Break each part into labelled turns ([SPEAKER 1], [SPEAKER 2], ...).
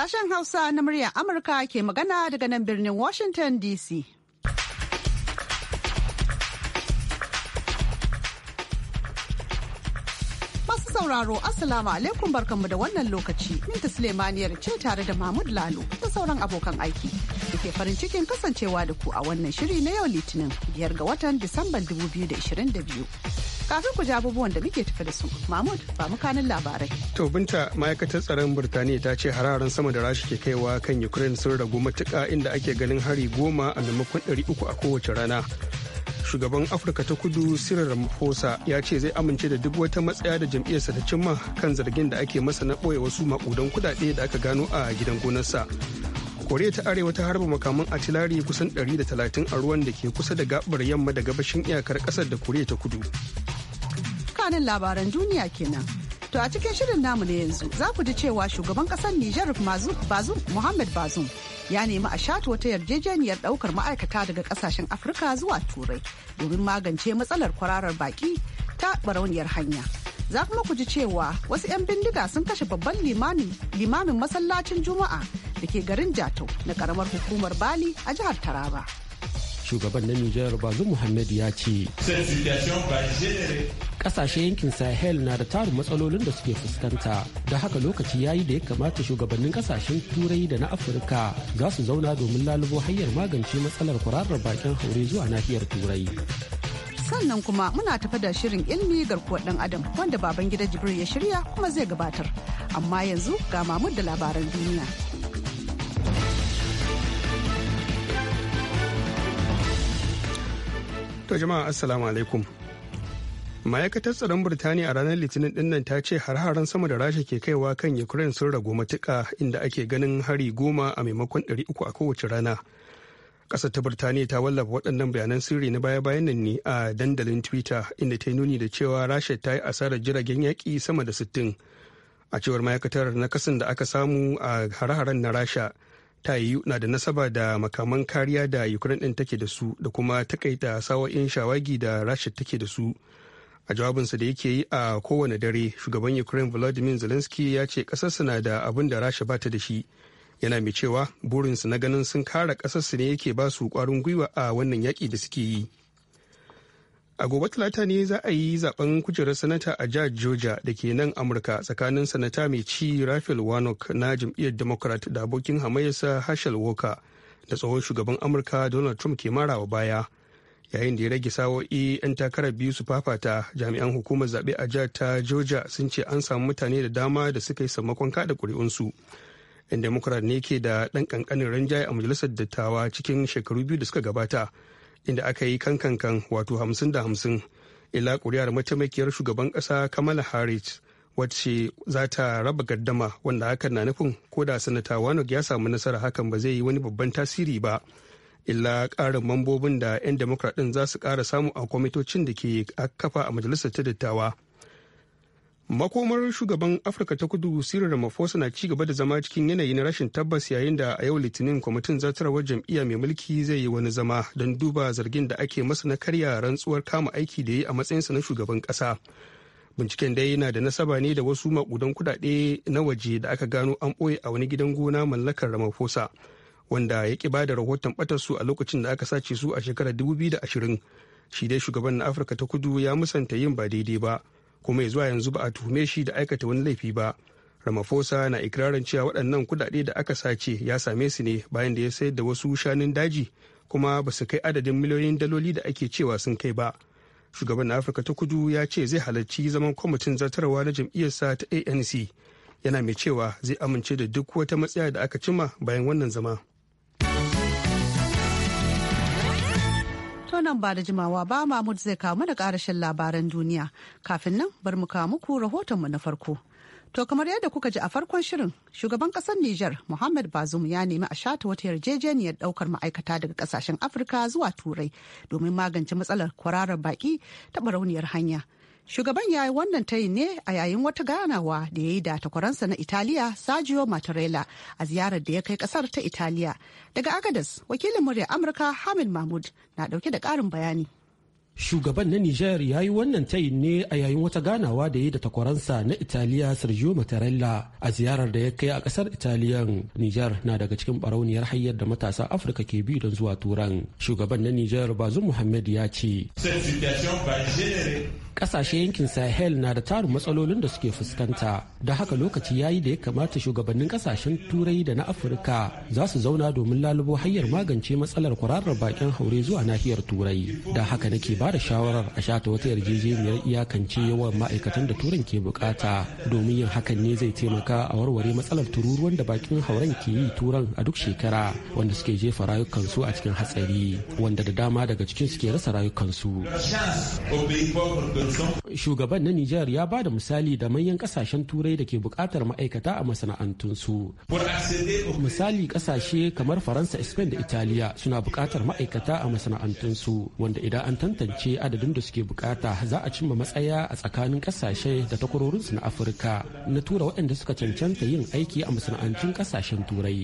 [SPEAKER 1] Sashen Hausa na muryar Amurka ke magana daga nan birnin Washington DC. Masu sauraro, Assalamu alaikum barkanmu da wannan lokaci. Minta Sulemaniyar ce tare da Mahmud Lalo da sauran abokan aiki. Da ke farin cikin kasancewa da ku a wannan shiri na yau Litinin, biyar ga watan Disamban 2022. kafin ku ji abubuwan da muke tafi da su mahmud ba mu kanin labarai
[SPEAKER 2] to binta ma'aikatar tsaron birtaniya ta ce hararen sama da rashi ke kaiwa kan ukraine sun ragu matuka inda ake ganin hari goma a maimakon ɗari uku a kowace rana shugaban afirka ta kudu cyril ramaphosa ya ce zai amince da duk wata matsaya da jam'iyyarsa ta cimma kan zargin da ake masa na ɓoye wasu maƙudan kuɗaɗe da aka gano a gidan gonarsa koriya ta arewa ta harba makaman atilari kusan 130 a ruwan da ke kusa da gabar yamma da gabashin iyakar kasar da koriya ta kudu
[SPEAKER 1] kanin labaran duniya kenan. To a cikin shirin namu na yanzu za ku ji cewa shugaban kasar Nijar Bazum Muhammad Bazum ya nemi a shata wata yarjejeniyar daukar ma'aikata daga kasashen Afirka zuwa Turai domin magance matsalar kwararar baki ta barauniyar hanya. Za kuma ku ji cewa wasu 'yan bindiga sun kashe babban limamin masallacin Juma'a da ke garin Jatau na karamar hukumar Bali a jihar Taraba.
[SPEAKER 3] shugaban na nijar bazu muhammad ya ce kasashe yankin sahel na da tarin matsalolin da suke fuskanta da haka lokaci ya yi da ya kamata shugabannin kasashen turai da na afirka za su zauna domin lalubo hanyar magance matsalar kwararar bakin haure zuwa nahiyar turai
[SPEAKER 1] sannan kuma muna tafi da shirin ilmi garkuwar dan adam wanda baban gida jibril ya shirya kuma zai gabatar amma yanzu ga mamud da labaran duniya
[SPEAKER 2] To jama'a assalamu alaikum. Ma'aikatar tsaron Birtaniya a ranar Litinin din nan ta ce har-haren sama da Rasha ke kaiwa kan Ukraine sun ragu matuƙa inda ake ganin hari goma a maimakon ɗari uku a kowace rana. Ƙasar ta Birtaniya ta wallafa waɗannan bayanan sirri na baya-bayan nan ne a dandalin Twitter inda ta yi nuni da cewa Rasha ta yi asarar jiragen yaƙi sama da sittin. A cewar ma'aikatar na da aka samu a harharen haren na Rasha. ta yi na da nasaba da makaman kariya da ukraine ɗin take da su da kuma takaita sawa'in shawagi da rasha take da su a jawabinsa da yake yi a kowane dare shugaban ukraine volodymyr zelensky ya ce ƙasarsa na da abin da rasha bata da shi yana mai cewa burinsu na ganin sun kara ƙasarsu ne yake ba su ƙwarin gwiwa a wannan yaƙi da suke yi a gobe talata ne za a yi zaben kujerar sanata a jihar georgia da ke nan amurka tsakanin sanata mai ci rafael warnock na jam'iyyar democrat da abokin hamayyarsa herschel walker da tsohon shugaban amurka donald trump ke marawa baya yayin da ya rage sawo'i 'yan takarar biyu su fafata jami'an hukumar zaɓe a jihar ta georgia sun ce an samu mutane da dama da suka yi sammakon kada ƙuri'unsu yan democrat ne ke da ɗan ƙanƙanin rinjaye a majalisar dattawa cikin shekaru biyu da suka gabata inda aka yi kankankan wato hamsin da hamsin ila kuri'ar mataimakiyar shugaban kasa kamala harris wacce za ta raba gaddama wanda hakan na nufin ko da sanata wanog ya samu nasara hakan ba zai yi wani babban tasiri ba illa ƙarin mambobin da 'yan demokradin za su ƙara samu a kwamitocin da ke kafa a majalisar ta dattawa. makomar shugaban afirka ta kudu cyril ramaphosa na ci gaba da zama cikin yanayi na rashin tabbas yayin da a yau litinin kwamitin zartarwar jam'iyya mai mulki zai yi wani zama don duba zargin da ake masa na karya rantsuwar kama aiki da ya yi a matsayinsa na shugaban kasa binciken dai yana da nasaba ne da wasu makudan kudade na waje da aka gano an ɓoye a wani gidan gona mallakar ramaphosa wanda ya ki bada da rahoton su a lokacin da aka sace su a shekarar 2020 shi dai shugaban na afirka ta kudu ya musanta yin ba daidai ba kuma zuwa yanzu ba a tuhume shi da aikata wani laifi ba ramaphosa na ikirarin cewa waɗannan kudade da aka sace ya same su ne bayan da ya sayar da wasu shanun daji kuma ba su kai adadin miliyoyin daloli da ake cewa sun kai ba shugaban na afirka ta kudu ya ce zai halarci zaman kwamitin zartarwa na jam'iyyarsa ta anc yana mai cewa zai amince da duk wata matsaya da aka cima bayan wannan zama
[SPEAKER 1] To nan ba da jimawa ba Mahmud zai kawo mana karashin labaran duniya. Kafin nan bar mu kawo muku rahotonmu na farko. To kamar yadda kuka ji a farkon shirin shugaban kasar Nijar Muhammad Bazoum ya nemi a shata wata yarjejeniyar daukar ma'aikata daga kasashen Afirka zuwa Turai domin magance matsalar kwararar baki ta barauniyar hanya. Shugaban ya yi wannan tayin ne a yayin wata ganawa da ya yi da takwaransa na Italiya Sergio Mattarella a ziyarar da ya kai kasar ta Italiya. Daga Agadas, wakilin murya Amurka Hamid Mahmud na dauke da karin bayani.
[SPEAKER 3] Shugaban na Nijar ya yi wannan tayin ne a yayin wata ganawa da ya da takwaransa na Italiya Sergio Mattarella a ziyarar da ya kai a kasar italiya Nijar na daga cikin barauniyar hanyar da matasa Afirka ke bi don zuwa Turan. Shugaban na Nijar bazu Muhammad ya ce. Ƙasashe yankin Sahel na da tarin matsalolin da suke fuskanta, da haka lokaci ya yi da ya kamata shugabannin ƙasashen Turai da na Afirka za su zauna domin lalubo hayar magance matsalar kwararar bakin haure zuwa nahiyar Turai. Da haka nake ba da shawarar a shata wata yarjejeniyar iyakance yawan ma'aikatan da turan ke bukata domin yin hakan ne zai taimaka a warware matsalar tururuwan da bakin hauren ke yi turan a duk shekara wanda suke jefa rayukansu a cikin hatsari wanda da dama daga cikin suke rasa rayukansu shugaban na nijar ya ba da misali da manyan kasashen turai da ke bukatar ma'aikata a masana'antunsu misali kasashe kamar faransa spain da italiya suna bukatar ma'aikata a masana'antunsu wanda idan an tantance tantance adadin da suke bukata za a cimma matsaya a tsakanin kasashe da takwarorinsu na afirka na tura waɗanda suka cancanta yin aiki a masana'antun kasashen turai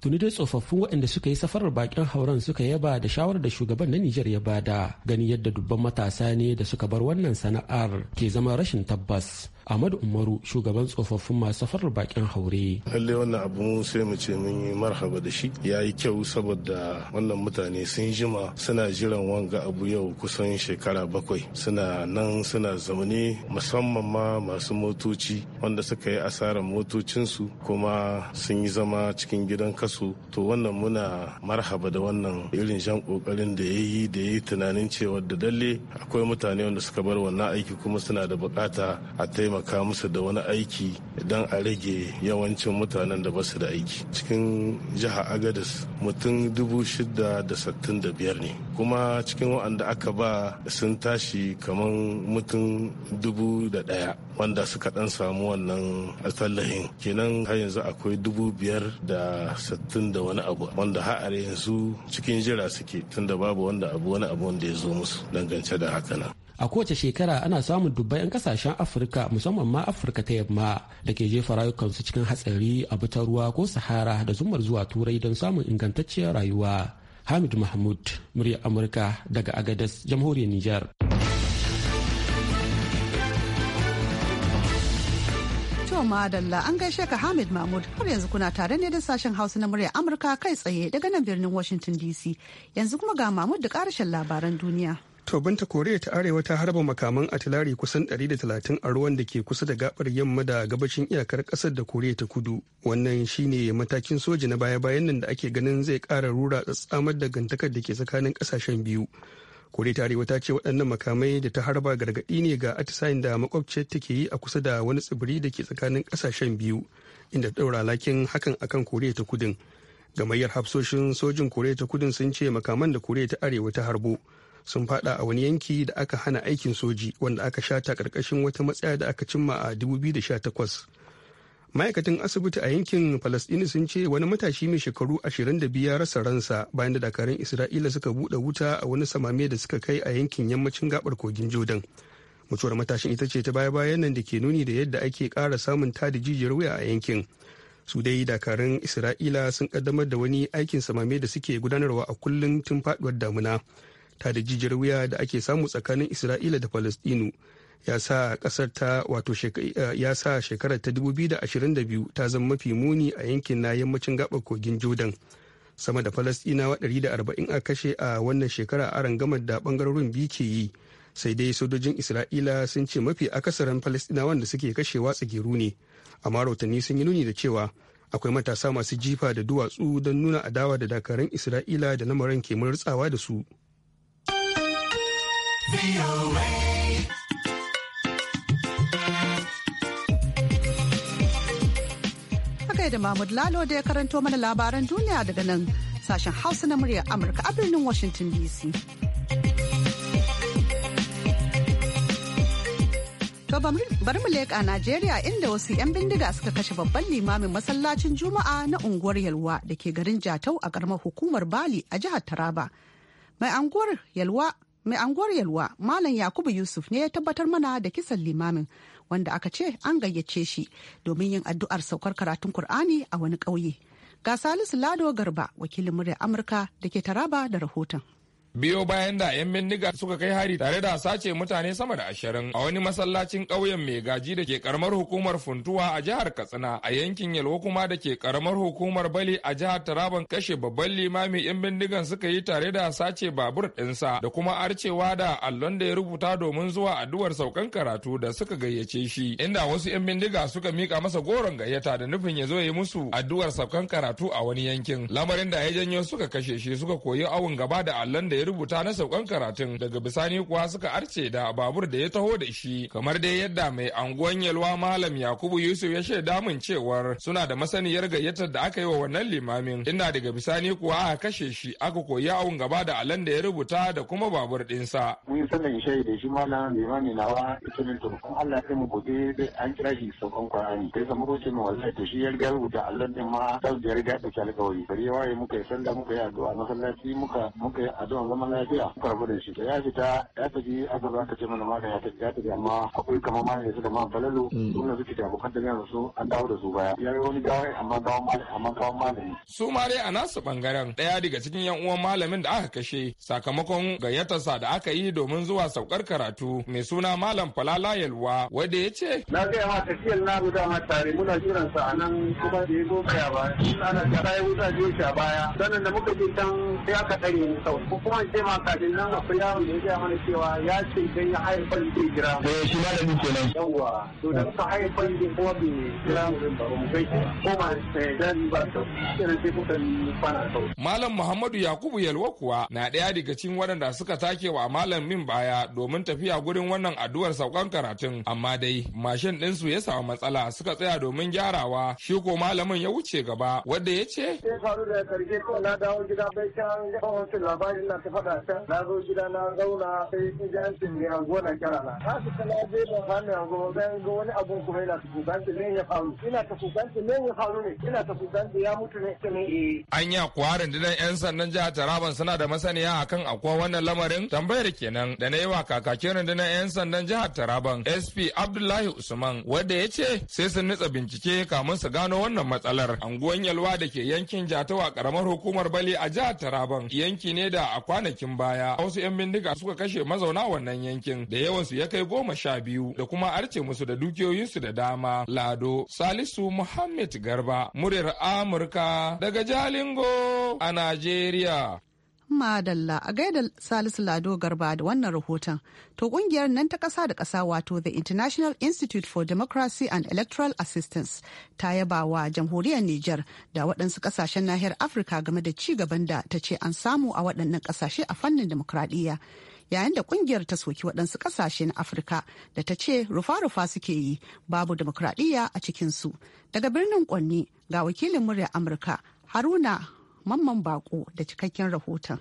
[SPEAKER 3] tuni dai tsofaffin waɗanda suka yi safarar bakin hauren suka yaba da shawarar da shugaban na nijar ya bada gani yadda dubban matasa ne da suka bar wannan sana'ar ke zama rashin tabbas Ahmadu Umaru shugaban tsofaffin masu safarar bakin haure.
[SPEAKER 4] Lalle wannan abu sai mu ce mun yi marhaba da shi ya yi kyau saboda wannan mutane sun jima suna jiran wanga abu yau kusan shekara bakwai suna nan suna zaune musamman ma masu motoci wanda suka yi asarar motocinsu kuma sun yi zama cikin gidan kasu to wannan muna marhaba da wannan irin jan kokarin da ya yi da ya yi tunanin cewa da dalle akwai mutane wanda suka bar wannan aiki kuma suna da bukata a taimaka taimaka musu da wani aiki don a rage yawancin mutanen da basu da aiki cikin jiha agadis mutum dubu shida da sattin da biyar ne kuma cikin wa'anda aka ba sun tashi kamar mutum dubu da ɗaya wanda suka ɗan samu wannan tallahin kenan har yanzu akwai dubu biyar da sattin da wani abu wanda har yanzu cikin jira suke tunda babu wanda abu wani abu wanda ya zo musu dangance da haka nan
[SPEAKER 3] a kowace shekara ana samun dubbai 'yan kasashen afirka musamman ma afirka ta yamma da ke jefa rayukansu cikin hatsari a butar ruwa ko sahara da zumar zuwa turai don samun ingantacciyar rayuwa hamid mahmud murya amurka daga agadas jamhuriyar niger
[SPEAKER 1] madalla an gaishe ka hamid mahmud har yanzu kuna tare ne da sashen hausa na murya amurka kai tsaye daga nan birnin washington dc yanzu kuma ga mahmud da karashen labaran duniya
[SPEAKER 2] To binta Koriya ta Arewa ta harba makaman atilari kusan 130 a ruwan da ke kusa da gabar yamma da gabashin iyakar kasar da Koriya ta Kudu. Wannan shine matakin soji na baya-bayan nan da ake ganin zai kara rura tsatsamar da gantakar da ke tsakanin kasashen biyu. Koriya ta Arewa ta ce waɗannan makamai da ta harba gargaɗi ne ga atisayin da makwabciyar ke yi a kusa da wani tsibiri da ke tsakanin kasashen biyu inda ta ɗaura lakin hakan akan Koriya ta Kudin. Gamayyar hafsoshin sojin Koriya ta Kudin sun ce makaman da Koriya ta Arewa ta harbo. sun fada a wani yanki da aka hana aikin soji wanda aka shata karkashin wata matsaya da aka cimma a 2018 ma'aikatan asibiti a yankin palestini sun ce wani matashi mai shekaru 25 ya rasa ransa bayan da dakarun isra'ila suka buɗe wuta a wani samame da suka kai a yankin yammacin gabar kogin jordan mutuwar matashin ita ce ta baya-bayan nan da ke nuni da yadda ake kara samun tada jijiyar wuya a yankin su dai dakarun isra'ila sun kaddamar da wani aikin samame da suke gudanarwa a kullum tun faduwar damuna ta da jijiyar wuya da ake samu tsakanin isra'ila da palestinu ya sa kasar ta wato eh, ya sa shekarar ta 2022 ta zama mafi muni a yankin na yammacin gabar kogin jordan sama da falastinawa 140 a kashe a wannan shekara a rangamar da bangarorin biyu ke yi sai dai sojojin isra'ila sun ce mafi akasarin falastinawan da suke kashewa tsagiru ne amma rahotanni sun yi nuni da cewa akwai matasa masu jifa da duwatsu don nuna adawa da dakarun isra'ila da lamarin ke murtsawa da su
[SPEAKER 1] Haka da Mahmud Lalo da ya karanto mana labaran duniya daga nan sashen Hausa na muryar Amurka a birnin Washington DC. To bari mu leƙa Najeriya inda wasu 'yan bindiga suka kashe babban limamin masallacin Juma'a na unguwar Yalwa da ke garin Jatau a ƙaramar hukumar Bali a jihar Taraba. Mai anguwar Yalwa mai anguwar yalwa malam yakubu yusuf ne ya tabbatar mana da kisan limamin wanda aka ce an gayyace shi domin yin addu'ar saukar karatun kur'ani a wani ƙauye ga salisu lado garba wakilin murya amurka da ke taraba da rahoton
[SPEAKER 5] biyo bayan da 'yan bindiga suka kai hari tare da sace mutane sama da ashirin a wani masallacin ƙauyen mai gaji da ke karamar hukumar funtuwa a jihar katsina a yankin yalwa kuma da ke karamar hukumar bali a jihar taraban kashe babban limami 'yan bindigan suka yi tare da sace babur ɗinsa da kuma arcewa da allon da ya rubuta domin zuwa addu'ar saukan karatu da suka gayyace shi inda wasu 'yan bindiga suka mika masa goron gayyata da nufin ya zo ya yi musu addu'ar saukan karatu a wani yankin lamarin da ya janyo suka kashe shi suka koyi awun gaba da allon da ya ya rubuta na saukan karatun daga bisani kuwa suka arce da babur da ya taho da shi kamar dai yadda mai anguwan yalwa malam yakubu yusuf ya shaida min cewar suna da masaniyar gayyatar da aka yi wa wannan limamin inda daga bisani kuwa aka kashe shi aka koyi awon gaba da alan da ya rubuta da kuma babur dinsa.
[SPEAKER 6] mun sanin shayi da shi malam limami nawa ita ne to kun allah ya mu gobe an kira shi saukan kwarani sai samu mu wallahi
[SPEAKER 7] to shi ya riga rubuta allan din ma sau da ya riga ɗauki alkawari bari ya waye muka yi sanda muka yi addu'a masallaci muka muka yi addu'a zaman lafiya ku rabu da shi da ya fita ya tafi azaba ce mana magani
[SPEAKER 6] ya tafi ya tafi amma akwai kamar malam ya su da man falalu mm. da suke da kanta da su an dawo da su baya
[SPEAKER 7] ya yi wani gawai amma gawan malam amma gawan malami.
[SPEAKER 5] su ma dai a nasu bangaren daya daga cikin yan uwan malamin da aka kashe sakamakon gayyatarsa da aka yi domin zuwa saukar karatu mai suna malam falala yalwa wanda ya ce. na gaya ma tafiyar na guda ma tare muna jiran sa a nan kuma da ya zo baya ba ana ta rayu wuta a sha baya sannan da muka je can sai
[SPEAKER 8] aka ɗare ni sau kuma cewa ya
[SPEAKER 5] eh, Malam Muhammadu Yakubu Yalwa kuwa na ɗaya daga cikin waɗanda suka take wa malam min baya domin tafiya gurin wannan addu'ar saukan karatun amma dai mashin su ya samu matsala suka tsaya domin gyarawa shi ko malamin ya wuce gaba wanda ya ce.
[SPEAKER 6] Sai faru na dawo gida bai can labarin na faɗa can na zo gida na zauna sai ijancin mai a gona kira na na fita na je ban hannu yanzu ba zan ga wani abun kuma yana ta kukanci ne ya faru ina ta kukanci ne ya faru ne ina ta kukanci ya mutu ne ta ne
[SPEAKER 5] an yi kuwa rundunar 'yan sandan jihar Taraban suna da masaniya akan akwai wannan lamarin tambayar kenan da na yi wa kakakin rundunar 'yan sandan jihar Taraban SP Abdullahi Usman wanda ya ce sai sun nutsa bincike kamun su gano wannan matsalar anguwan yalwa da ke yankin jatawa karamar hukumar bali a jihar Taraban yanki ne da a kwanakin baya wasu 'yan bindiga suka kashe mazauna wannan yankin da yawansu ya kai goma sha biyu da kuma arce musu da dukiyoyinsu da dama lado salisu muhammad garba muryar amurka daga jalingo a najeriya
[SPEAKER 1] Madalla a gaida Salisu Lado Garba da wannan rahoton. To kungiyar nan ta ƙasa da ƙasa wato the International Institute for Democracy and Electoral Assistance ta yaba wa jamhuriyar Nijar da waɗansu ƙasashen nahiyar Afirka game da ci gaban da ta ce an samu a waɗannan ƙasashe a fannin demokradiyya. Yayin da kungiyar ta soki waɗansu ƙasashe na Afirka da ta ce rufa-rufa suke yi babu demokradiyya a cikinsu. Daga birnin Kwanni ga wakilin murya Amurka Haruna Mamman Bako da cikakken rahoton.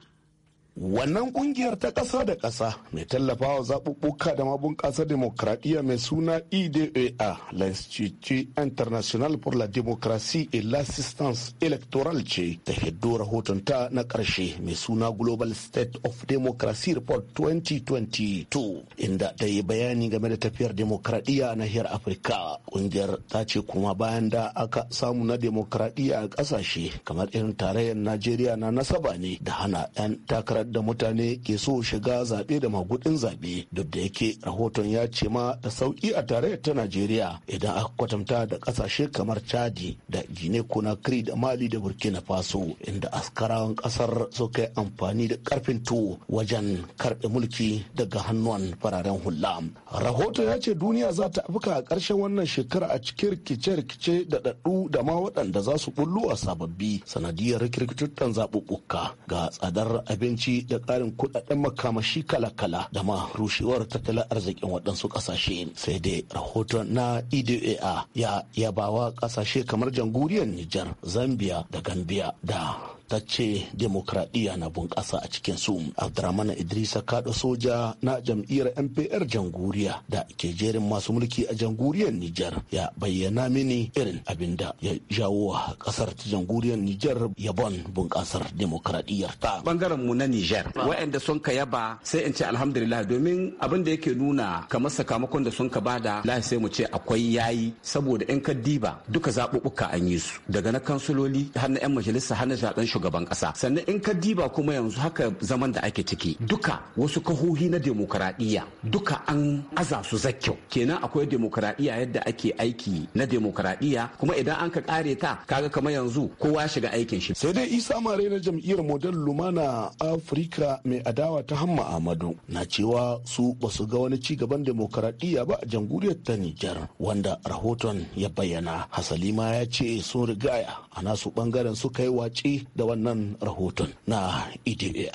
[SPEAKER 8] Wannan kungiyar ta ƙasa da ƙasa mai tallafawa zaɓuɓɓuka da mabunƙasa demokradiyya mai suna EDA L'Institut International for la Démocratie et l'Assistance electoral ce ta hiddo rahotonta na ƙarshe mai suna Global State of Democracy Report 2022 inda ta yi bayani game da tafiyar demokradiyya a nahiyar Afirka. Kungiyar ta ce kuma bayan da aka samu na demokradiyya a ƙasashe kamar irin tarayyar Najeriya na nasaba ne da hana 'yan takarar da mutane ke so shiga zaɓe da magudin zaɓe duk da yake rahoton ya ce ma da sauƙi a tarayyar ta najeriya idan aka kwatanta da ƙasashe kamar chadi da gine conakry da mali da burkina faso inda askarawan ƙasar suka yi amfani da ƙarfin tuwo wajen karɓe mulki daga hannun fararen hula rahoton ya ce duniya za ta afka a ƙarshen wannan shekara a cikin rikice-rikice da daɗu da ma waɗanda za su bullu a sababbi sanadiyar rikirkituttan zaɓuɓɓuka ga tsadar abinci da ƙarin kuɗaɗen makamashi kala-kala da ma rushewar tattalin arzikin waɗansu ƙasashe sai dai rahoton na idoa e ya yabawa ƙasashe kamar jamhuriyar nijar zambia da gambia da ta ce demokradiyya na bunƙasa a cikin su abdurrahman idrisa kada soja na jam'iyyar mpr janguriya da ke jerin masu mulki a janguriyar nijar ya bayyana mini irin abin da ya jawo wa kasar janguriyar nijar yabon bunƙasar demokradiyyar ta bangaren mu na nijar wa'anda sun ka yaba sai in ce alhamdulillah domin abin da yake nuna kamar sakamakon da sun ka bada lahi sai mu ce akwai yayi saboda in ka diba duka zaɓuɓɓuka an yi su daga na kansuloli har na 'yan majalisa har na zaɓen shugaban kasa sannan in ka diba kuma yanzu haka zaman da ake ciki duka wasu kahohi na demokaradiyya duka an aza su zakkyau kenan akwai demokaradiyya yadda ake aiki na demokaradiyya kuma idan an ka kare ta kaga kamar yanzu kowa ya shiga aikin shi sai dai isa mare na jam'iyyar model lumana afirka mai adawa ta hamma amadu na cewa su basu ga wani ci gaban demokaradiyya ba a jamhuriyar ta nijar wanda rahoton ya bayyana hasalima ya ce sun rigaya a nasu bangaren suka yi wace da da wannan rahoton na idea e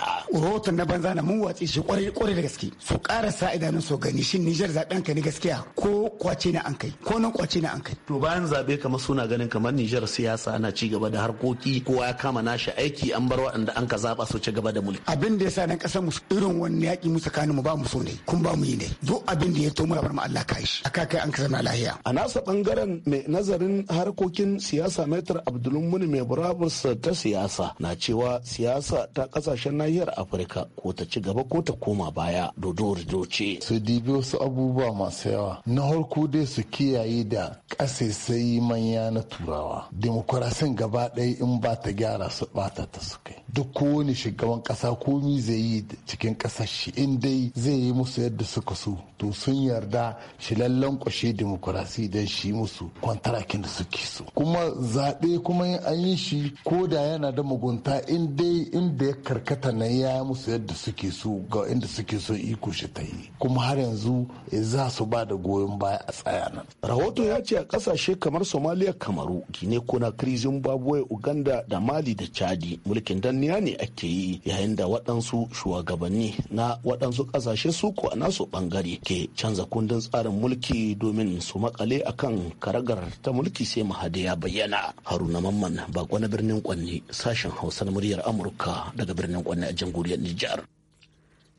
[SPEAKER 6] rahoton na banza na mun watsi shi kwarai da gaske su ƙara sa idanun su gani shin nijar zaben ka ne gaskiya ko kwace na an kai ko nan kwace na an kai
[SPEAKER 8] to bayan zabe kamar suna ganin kamar nijar siyasa na ci gaba da harkoki kowa ya kama nashi aiki an bar waɗanda an ka zaba su ci gaba da mulki
[SPEAKER 6] abin da yasa nan kasar mu irin wani yaƙi mu tsakanin mu ba mu so ne kun ba mu yi ne duk abin da ya to mura bar mu Allah kai shi aka kai an ka zama lahiya
[SPEAKER 8] a nasa bangaren mai nazarin harkokin siyasa Maitar Abdulmuni mai burabus ta siyasa ƙasa na cewa siyasa ta ƙasashen nahiyar Afirka ko ta ci gaba ko ta koma baya dodo ce. Su dibi wasu abubuwa masu yawa. Na harko dai su kiyaye da ƙasaisai manya na turawa. Demokurasin gaba ɗaya in ba ta gyara su bata ta su kai. Duk kowane shugaban ƙasa komi zai yi cikin ƙasar in dai zai yi musu yadda suka so to sun yarda shi lallan kwashe demokurasi don shi musu kwantarakin da suke so. Kuma zaɓe kuma an yi shi ko da yana da mugunta in inda ya karkata nan ya musu yadda suke so ga inda suke so iko shi ta yi kuma har yanzu eh, za su ba da goyon baya a tsaya nan rahoto ya ce a kasashe kamar somaliya kamaru gine krizin zimbabwe uganda da mali da chadi mulkin danniya ne ake yi yayin da waɗansu shugabanni na waɗansu ƙasashe su ko a nasu ɓangare ke canza kundin tsarin mulki domin su makale akan karagar ta mulki sai mahade ya bayyana haruna mamman bako na birnin kwanni. sashen sashen Hausa na muryar Amurka daga birnin Kwanne a jamhuriyar Nijar.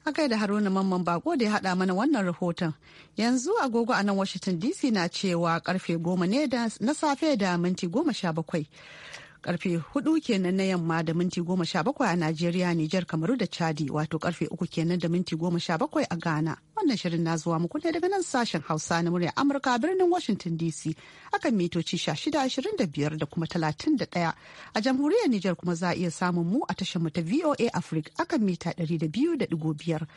[SPEAKER 1] Haka da Haruna Mamman Bako da ya haɗa mana wannan rahoton. Yanzu agogo a nan Washington DC na cewa karfe goma ne na safe da minti goma sha bakwai. karfe hudu kenan na yamma da minti goma sha bakwai a Najeriya, Nijar, Kamaru da Chadi wato karfe uku kenan da minti goma sha bakwai a Ghana. Wannan shirin na zuwa muku ne daga nan sashen Hausa na murya Amurka birnin Washington DC akan mitoci shida ashirin da biyar da kuma talatin da ɗaya A jamhuriyar Nijar kuma za a iya samun mu a tashar mu ta VOA Africa akan mita ɗari da biyu da ɗigo biyar.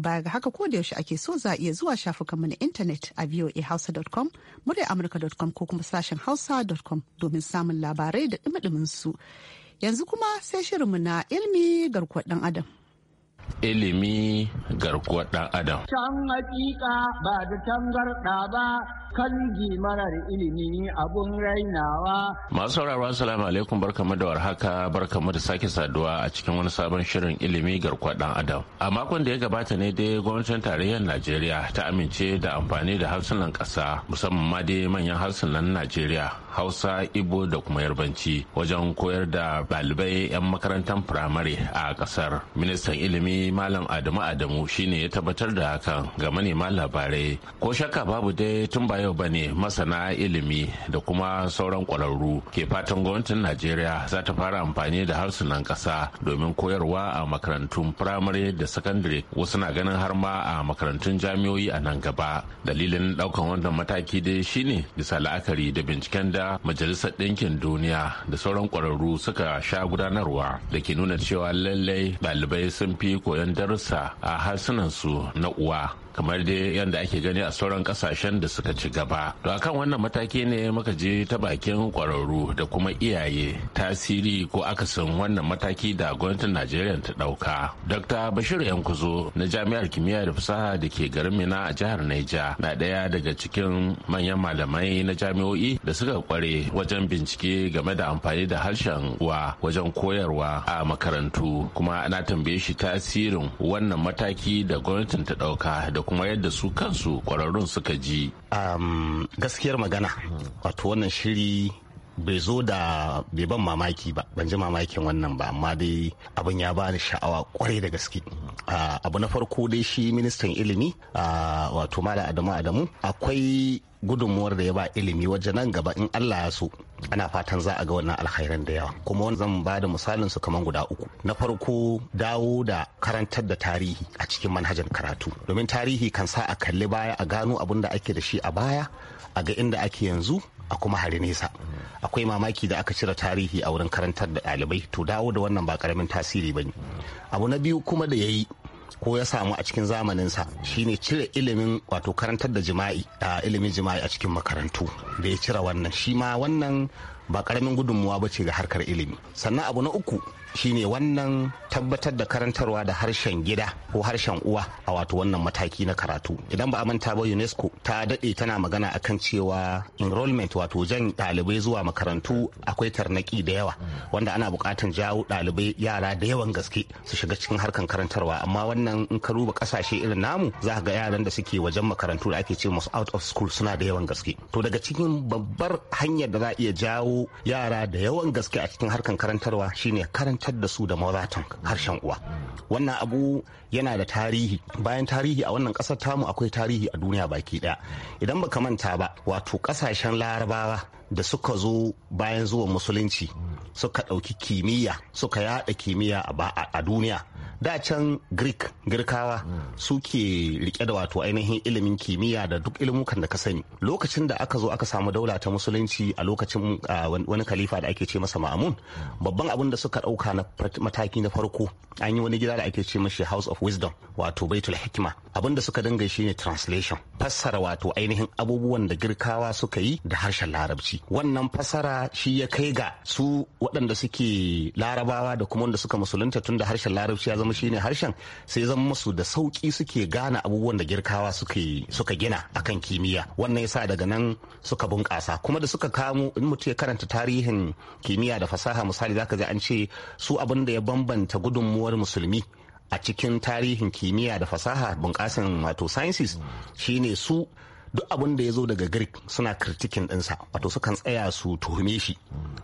[SPEAKER 1] Baya ga haka ko da yaushe ake so za a iya zuwa shafukanmu na intanet a voahausa.com, amurka.com, ko kuma sashen hausa.com domin samun labarai da dumi su. Yanzu kuma sai shirinmu na ilmi garkuwar ɗan adam.
[SPEAKER 7] Ilimi garkuwar ɗan adam.
[SPEAKER 5] Can hakika ba
[SPEAKER 3] da tangarɗa ba kangi mana da ilimi abun rainawa.
[SPEAKER 7] Masu sauraro assalamu alaikum barkamu da warhaka barkamu da sake saduwa a cikin wani sabon shirin ilimi garkuwa dan adam. A makon da ya gabata ne dai gwamnatin tarayyar Najeriya ta amince da amfani da harsunan ƙasa musamman ma dai manyan harsunan Najeriya hausa ibo da kuma yarbanci wajen koyar da ɗalibai 'yan makarantar firamare a ƙasar ministan ilimi malam adamu adamu shine ya tabbatar da hakan ga manema labarai ko shakka babu dai tun ba yau bane masana ilimi da kuma sauran ƙwararru ke fatan gwamnatin najeriya za ta fara amfani da harsunan ƙasa domin koyarwa a makarantun firamare da sakandare wasu na ganin har ma a makarantun jami'o'i a nan gaba dalilin ɗaukan wannan mataki dai shine bisa la'akari da binciken da majalisar ɗinkin duniya da sauran ƙwararru suka sha gudanarwa da ke nuna cewa lallai ɗalibai sun fi koyon darussa a harsunansu na uwa kamar dai yadda ake gani a sauran kasashen da suka ci gaba to akan wannan mataki ne muka je ta bakin ƙwararru da kuma iyaye tasiri ko akasin wannan mataki da gwamnatin najeriya ta ɗauka. dr bashir yankuzo na jami'ar kimiyya da fasaha da ke garin mina a jihar naija na ɗaya daga cikin manyan malamai na jami'o'i da suka kware wajen bincike game da amfani da harshen uwa wajen koyarwa a makarantu kuma na tambaye shi tasirin wannan mataki da gwamnatin ta dauka da kuma yadda su kansu kwararrun suka ji um, gaskiyar magana wato wannan shiri bai
[SPEAKER 6] zo da bai ban mamaki ba ban ji mamakin wannan ba amma dai abin ya ba ni sha'awa kwarai da gaske abu na farko dai shi ministan ilimi wato mala adamu adamu akwai gudunmuwar da ya ba ilimi wajen nan gaba in Allah ya so ana fatan za a ga wannan alkhairan da yawa kuma wani zan ba da misalin su kamar guda uku na farko dawo da karantar da tarihi a cikin manhajar karatu domin tarihi kan sa a kalli baya a gano abin da ake da shi a baya a ga inda ake yanzu a kuma hari nesa akwai mamaki da aka cire tarihi a wurin karantar da ɗalibai to dawo da wannan ba karamin tasiri ba ne abu na biyu kuma da ya yi ko ya samu a cikin zamaninsa shine cire ilimin wato karantar da jima'i a ilimin jima'i a cikin makarantu da ya cire wannan shi ma wannan ba karamin gudunmuwa ba ce ga harkar ilimi sannan abu na uku shine wannan tabbatar da karantarwa da harshen gida ko harshen uwa a wato wannan mataki na karatu idan ba a manta ba unesco ta daɗe tana magana akan cewa enrollment wato jan ɗalibai zuwa makarantu akwai tarnaki da yawa wanda ana bukatar jawo ɗalibai yara da yawan gaske su shiga cikin harkan karantarwa amma wannan in ka duba ƙasashe irin namu za ga yaran da suke wajen makarantu da ake ce musu out of school suna da yawan gaske to daga cikin babbar hanyar da za a iya jawo yara da yawan gaske a cikin harkan karantarwa shine karanta fitar da su da mawatan harshen uwa wannan abu yana da tarihi bayan tarihi a wannan kasar tamu akwai tarihi a duniya baki daya idan baka manta ba wato kasashen larabawa da suka zo bayan zuwan musulunci suka ɗauki kimiyya suka yada kimiyya a duniya da can greek girkawa suke rike da wato ainihin ilimin kimiyya da duk ilimukan da ka sani lokacin da aka zo aka samu daula ta musulunci a lokacin wani kalifa da ake ce masa ma'amun babban abin da suka ɗauka na mataki na farko an yi wani gida da ake ce mashi house of wisdom wato baitul hikima abin da suka dinga shine translation fassara wato ainihin abubuwan da girkawa suka yi da harshen larabci wannan fasara shi ya kai ga su waɗanda suke larabawa da kuma wanda suka musulunta tunda harshen larabci ya zama shine harshen sai zama musu da sauki suke gane abubuwan da girkawa suka gina akan kimiyya wannan yasa daga nan suka bunƙasa kuma da suka kamo in mutum ya karanta tarihin kimiyya da fasaha misali zaka ji an ce su abin da ya bambanta gudunmuwar musulmi a cikin tarihin kimiyya da fasaha bunƙasan wato sciences shine su duk abin da ya zo daga greek suna kritikin ɗinsa wato sukan tsaya su tuhume shi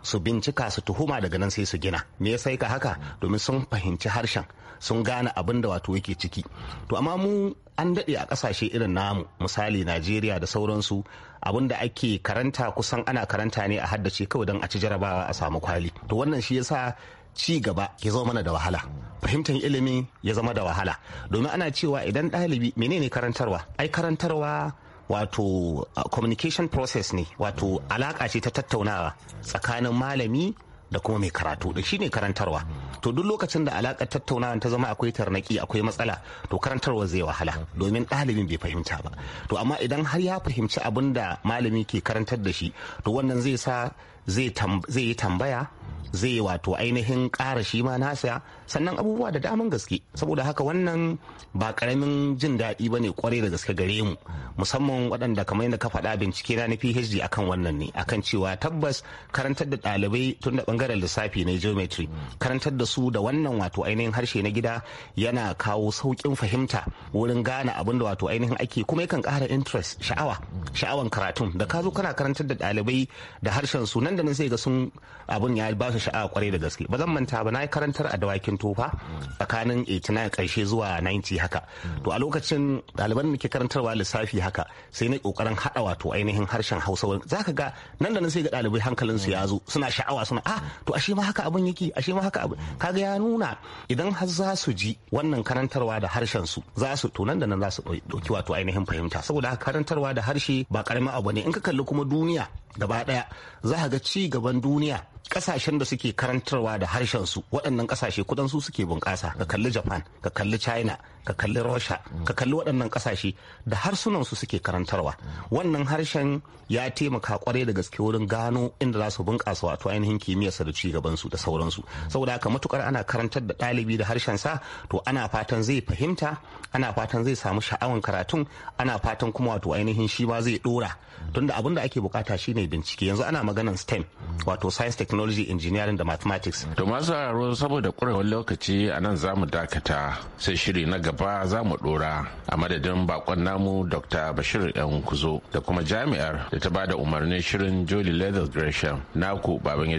[SPEAKER 6] su bincika su tuhuma daga nan sai su gina me ya sai ka haka domin sun fahimci harshen sun gane abin da wato yake ciki to amma mu an daɗe a kasashe irin namu misali najeriya da sauransu abin da ake karanta kusan ana karanta ne a haddace kawai don a ci jarabawa a samu kwali to wannan shi yasa ci gaba ya zama mana da wahala fahimtar ilimi ya zama da wahala domin ana cewa idan ɗalibi menene karantarwa ai karantarwa wato communication process ne wato alaka ce ta tattaunawa tsakanin malami da kuma mai karatu da ne karantarwa to duk lokacin da alakar tattaunawa ta zama akwai tarnaki akwai matsala to karantarwa zai wahala domin ɗalibin bai fahimta ba to amma idan har ya fahimci abin da malami ke karantar da shi to wannan zai sa zai yi tambaya zai wato ainihin ƙara shi ma nasa sannan abubuwa da daman gaske saboda haka wannan ba karamin jin daɗi ba ne kwarai da gaske gare mu musamman waɗanda kamar yadda ka faɗa bincike na na phd akan wannan ne akan cewa tabbas karantar da ɗalibai tun da ɓangaren lissafi na geometry karantar da su da wannan wato ainihin harshe na gida yana kawo sauƙin fahimta wurin gane abin da wato ainihin ake kuma yakan ƙara interest sha'awa sha'awan karatun da ka zo kana karantar da ɗalibai da harshen su nan da nan sai ga sun abin ya ba su sha'awa kwarai da gaske ba zan manta ba na yi karantar a dawakin tofa tsakanin 89 karshe zuwa 90 haka to a lokacin ɗaliban da ke karantarwa lissafi haka sai na kokarin hada wato ainihin harshen hausa zaka ga nan da nan sai ga ɗalibai hankalin su ya zo suna sha'awa suna ah to ashe ma haka abin yake ashe ma haka abin kaga ya nuna idan har za su ji wannan karantarwa da harshen su za su to nan da nan za su ɗauki wato ainihin fahimta saboda haka karantarwa da harshe ba karamin abu ne in ka kalli kuma duniya gaba daya za ka ga ci gaban duniya kasashen da suke karantarwa da harshen su waɗannan kasashe kudan su suke bunƙasa ka kalli japan ka kalli china ka kalli rasha ka kalli waɗannan ƙasashe da harsunan su suke karantarwa wannan harshen ya taimaka kwarai da gaske wurin gano inda za su bunƙasa wato ainihin kimiyyarsa da ci gabansu da sauransu saboda haka matukar ana karantar da ɗalibi da harshen sa to ana fatan zai fahimta ana fatan zai samu sha'awan karatun ana fatan kuma wato ainihin shi ma zai ɗora tunda abin da ake bukata shine bincike yanzu ana maganan STEM wato science technology engineering da mathematics to
[SPEAKER 7] masu saboda ƙwarewar lokaci a nan za mu dakata sai shiri na gaba gaba za mu dora a madadin bakon namu dr bashir yan kuzo da kuma jami'ar da ta bada umarnin shirin joli leather gresham naku baban ya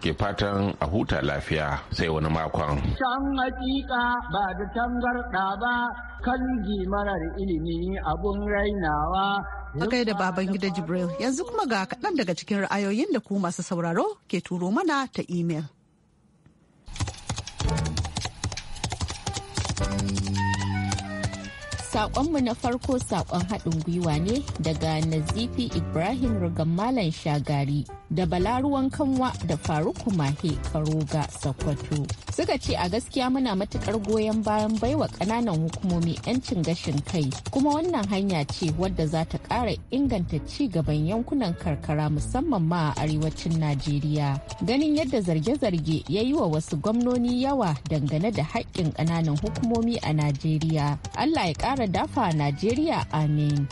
[SPEAKER 7] ke fatan a huta lafiya sai wani makon
[SPEAKER 3] can hakika
[SPEAKER 1] ba da tangarda ba kan marar ilimi abun rainawa a kai da baban gida jibril yanzu kuma ga kaɗan daga cikin ra'ayoyin da ku masu sauraro
[SPEAKER 9] ke turo mana ta imel Sakonmu na farko saƙon haɗin gwiwa ne daga Nazifi Ibrahim Rugammalan Shagari da Balaruwan Kanwa da Faruku Mahe karoga Sokoto. Suka ce a gaskiya muna matukar goyon bayan baiwa ƙananan hukumomi 'yancin gashin kai kuma wannan hanya ce wadda za ta ƙara inganta ci gaban yankunan karkara musamman ma a arewacin Najeriya. Ganin yadda zarge-zarge ya yi wa wasu gwamnoni yawa dangane da haƙƙin ƙananan hukumomi a Najeriya. Allah ya ƙara dafa Najeriya amin.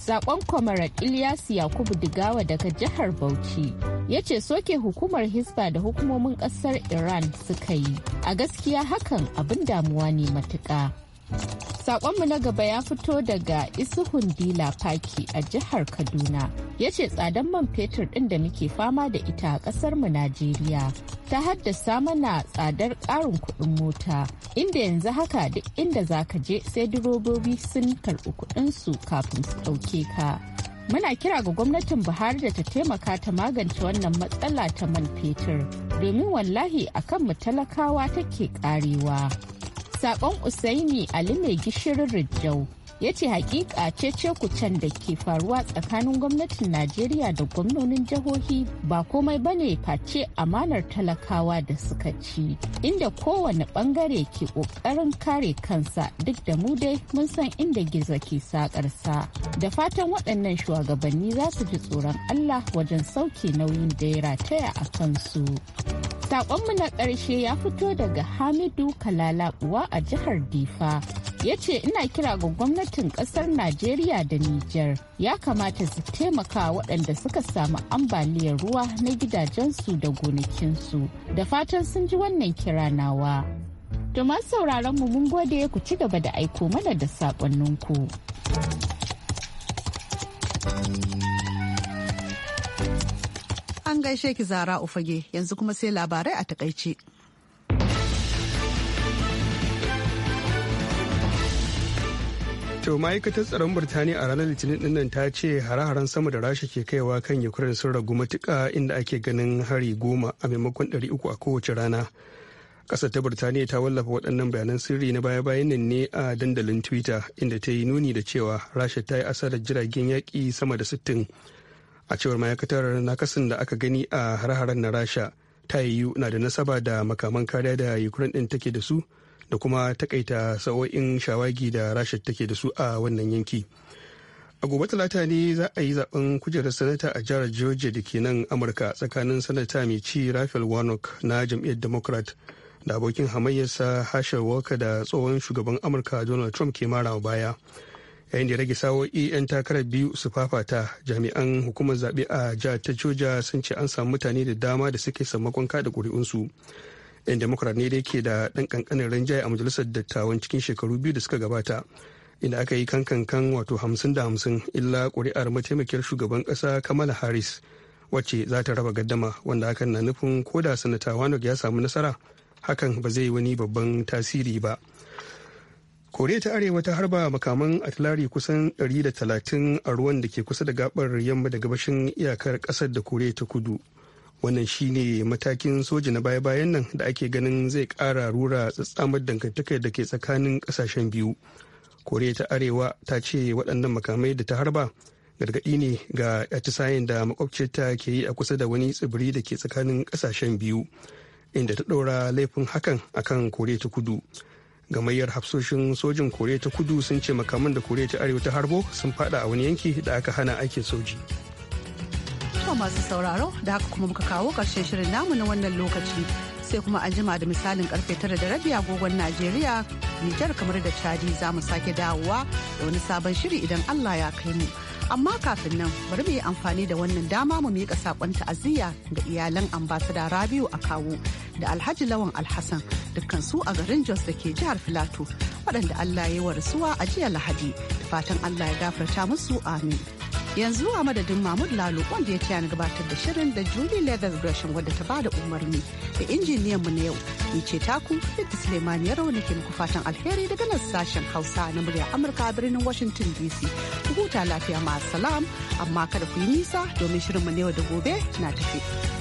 [SPEAKER 9] Sakon kwamarar Ilyas Yakubu Digawa daga jihar Bauchi ya ce soke hukumar Hisba da hukumomin kasar Iran suka yi. A gaskiya hakan abin damuwa ne matuƙa. Sakonmu na gaba ya fito daga Isuhun Dila Faki a jihar Kaduna. Ya ce tsadan man fetur ɗin da muke fama da ita a ƙasarmu Najeriya ta haddasa mana tsadar ƙarin kuɗin mota. Inda yanzu haka duk inda za ka je sai durobobi sun karɓi su kafin su ɗauke ka. Muna kira ga gwamnatin Buhari da ta taimaka ta magance wannan matsala ta man fetur domin wallahi akan mu talakawa take ƙarewa. Sakon Usaini Ali mai gishirin Rijau ya ce hakika cece da ke faruwa tsakanin gwamnatin Najeriya da gwamnonin jihohi ba komai bane face amanar talakawa da suka ci inda kowane bangare ke kokarin kare kansa duk da mu dai mun san inda gizo ke sakarsa da fatan waɗannan shugabanni za su ji tsoron Allah wajen sauke nauyin da ya rataya a kansu. Sakonmu na ƙarshe ya fito daga Hamidu Kalalakuwa a jihar Difa. Ya ce ina kira ga gwamnatin ƙasar Najeriya da Nijar ya kamata su taimaka waɗanda suka samu ambaliyar ruwa na gidajensu da gonakinsu. Da fatan sun ji wannan kira nawa. Domin sauraron mu mun gode ku ci gaba da aiko mana da saƙonninku. An gaishe ki zara
[SPEAKER 1] ufage yanzu kuma sai labarai a takaice.
[SPEAKER 2] To ma'aikatar tsaron Birtaniya a ranar Litinin dinnan ta ce hare-haren sama da Rasha ke kaiwa kan Ukraine sun ragu matuka inda ake ganin hari goma a maimakon ɗari uku a kowace rana. Ƙasar ta Birtaniya ta wallafa waɗannan bayanan sirri na baya-bayan nan ne a dandalin Twitter inda ta yi nuni da cewa Rasha ta yi asarar jiragen yaƙi sama da sittin. a cewar ma'aikatar nakasin da aka gani a har-haren na rasha ta yiwu na da nasaba da makaman kariya da ukraine din take da su da kuma takaita sa'o'in shawagi da rasha take da su a wannan yanki a gobe talata ne za a yi zaben kujerar sanata a jihar georgia da ke nan amurka tsakanin sanata mai ci rafael warnock na jam'iyyar democrat da abokin hamayyarsa hashar walker da tsohon shugaban amurka donald trump ke mara baya yayin da rage sawo'i 'yan takarar biyu su fafata jami'an hukumar zaɓe a jihar ta joja sun ce an samu mutane da dama da suke sammakon kada ƙuri'unsu yan demokrat ne da ke da ɗan ƙanƙanin rinjaye a majalisar dattawan cikin shekaru biyu da suka gabata inda aka yi kankankan wato hamsin da hamsin illa ƙuri'ar mataimakiyar shugaban ƙasa kamala harris wacce za ta raba gaddama wanda hakan na nufin koda sanata wanok ya samu nasara hakan ba zai wani babban tasiri ba. koriya ta arewa ta harba makaman atilari kusan 130 a ruwan da ke kusa da gabar yamma da gabashin iyakar kasar da koriya ta kudu wannan shine matakin soja na baya-bayan nan da ake ganin zai kara rura tsatsamar dangantakar da ke tsakanin kasashen biyu koriya ta arewa ta ce waɗannan makamai da ta harba gargaɗi ne ga atisayen da makwabcinta ke yi a kusa da wani tsibiri da ke tsakanin kasashen biyu inda ta ɗora laifin hakan akan koriya ta kudu gamayyar hafsoshin sojin koriya ta kudu sun ce makaman da koriya ta arewa ta harbo sun fada a wani yanki da aka hana aikin soji
[SPEAKER 1] masu sauraro da haka kuma muka kawo karshen shirin namu na wannan lokaci sai kuma an jima da misalin karfe tara da rabi agogon najeriya nijar kamar da chadi za mu sake dawowa da wani sabon shiri idan allah ya kai mu. amma kafin nan bari mu yi amfani da wannan dama mu miƙa saƙon ta'aziyya ga iyalan ambasada rabiu a kawo da alhaji lawan alhassan dukkan su a garin jos da ke jihar filato waɗanda allah ya yi wa rasuwa a jiya lahadi fatan allah ya gafarta musu amin yanzu a madadin mahmud lalu wanda ya tiyana gabatar da shirin da julie leather gresham wadda ta bada umarni da injiniyan mu na yau ni ce taku da suleiman ya rauni ke muku fatan alheri daga nan sashen hausa na murya amurka a birnin washington dc ku huta lafiya ma salam amma kada ku yi nisa domin shirin mu na yau da gobe na tafi.